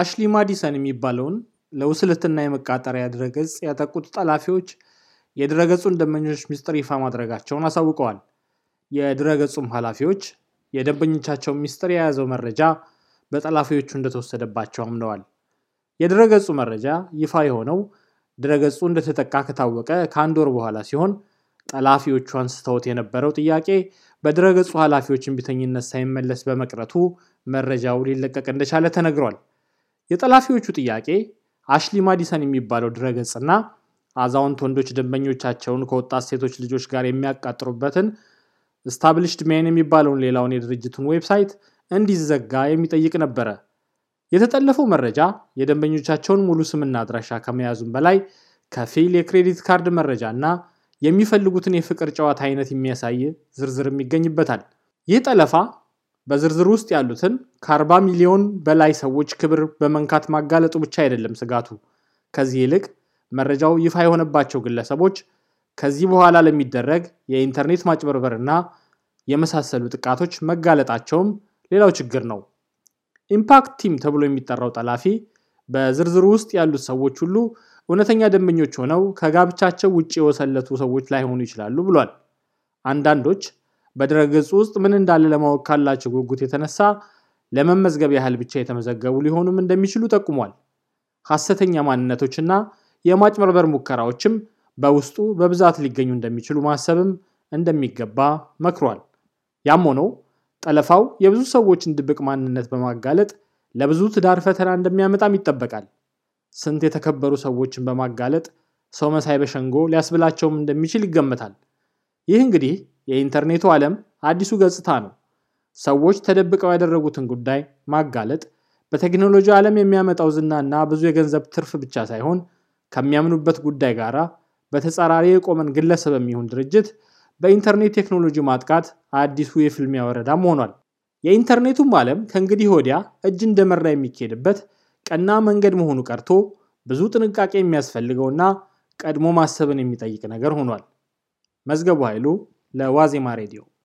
አሽሊ ማዲሰን የሚባለውን ለውስልትና የመቃጠሪያ ድረገጽ ያጠቁት ጠላፊዎች የድረገጹን ደንበኞች ሚስጥር ይፋ ማድረጋቸውን አሳውቀዋል። የድረገጹም ኃላፊዎች የደንበኞቻቸው ሚስጥር የያዘው መረጃ በጠላፊዎቹ እንደተወሰደባቸው አምነዋል። የድረገጹ መረጃ ይፋ የሆነው ድረገጹ እንደተጠቃ ከታወቀ ከአንድ ወር በኋላ ሲሆን ጠላፊዎቹ አንስተውት የነበረው ጥያቄ በድረገጹ ኃላፊዎች እምቢተኝነት ሳይመለስ በመቅረቱ መረጃው ሊለቀቅ እንደቻለ ተነግሯል። የጠላፊዎቹ ጥያቄ አሽሊ ማዲሰን የሚባለው ድረገጽና አዛውንት ወንዶች ደንበኞቻቸውን ከወጣት ሴቶች ልጆች ጋር የሚያቃጥሩበትን ስታብሊሽድ ሜን የሚባለውን ሌላውን የድርጅቱን ዌብሳይት እንዲዘጋ የሚጠይቅ ነበረ። የተጠለፈው መረጃ የደንበኞቻቸውን ሙሉ ስምና አድራሻ ከመያዙም በላይ ከፊል የክሬዲት ካርድ መረጃ እና የሚፈልጉትን የፍቅር ጨዋታ አይነት የሚያሳይ ዝርዝርም ይገኝበታል። ይህ ጠለፋ በዝርዝር ውስጥ ያሉትን ከ40 ሚሊዮን በላይ ሰዎች ክብር በመንካት ማጋለጡ ብቻ አይደለም ስጋቱ። ከዚህ ይልቅ መረጃው ይፋ የሆነባቸው ግለሰቦች ከዚህ በኋላ ለሚደረግ የኢንተርኔት ማጭበርበርና የመሳሰሉ ጥቃቶች መጋለጣቸውም ሌላው ችግር ነው። ኢምፓክት ቲም ተብሎ የሚጠራው ጠላፊ በዝርዝሩ ውስጥ ያሉት ሰዎች ሁሉ እውነተኛ ደንበኞች ሆነው ከጋብቻቸው ውጭ የወሰለቱ ሰዎች ላይሆኑ ይችላሉ ብሏል። አንዳንዶች በድረገጽ ውስጥ ምን እንዳለ ለማወቅ ካላቸው ጉጉት የተነሳ ለመመዝገብ ያህል ብቻ የተመዘገቡ ሊሆኑም እንደሚችሉ ጠቁሟል። ሐሰተኛ ማንነቶችና የማጭበርበር ሙከራዎችም በውስጡ በብዛት ሊገኙ እንደሚችሉ ማሰብም እንደሚገባ መክሯል። ያም ሆኖ ጠለፋው የብዙ ሰዎችን ድብቅ ማንነት በማጋለጥ ለብዙ ትዳር ፈተና እንደሚያመጣም ይጠበቃል። ስንት የተከበሩ ሰዎችን በማጋለጥ ሰው መሳይ በሸንጎ ሊያስብላቸውም እንደሚችል ይገመታል። ይህ እንግዲህ የኢንተርኔቱ ዓለም አዲሱ ገጽታ ነው። ሰዎች ተደብቀው ያደረጉትን ጉዳይ ማጋለጥ በቴክኖሎጂ ዓለም የሚያመጣው ዝናና ብዙ የገንዘብ ትርፍ ብቻ ሳይሆን ከሚያምኑበት ጉዳይ ጋር በተጻራሪ የቆመን ግለሰብ የሚሆን ድርጅት በኢንተርኔት ቴክኖሎጂ ማጥቃት አዲሱ የፍልሚያ ወረዳም ሆኗል። የኢንተርኔቱም ዓለም ከእንግዲህ ወዲያ እጅ እንደመራ የሚካሄድበት ቀና መንገድ መሆኑ ቀርቶ ብዙ ጥንቃቄ የሚያስፈልገውና ቀድሞ ማሰብን የሚጠይቅ ነገር ሆኗል። መዝገቡ ኃይሉ لوازم راديو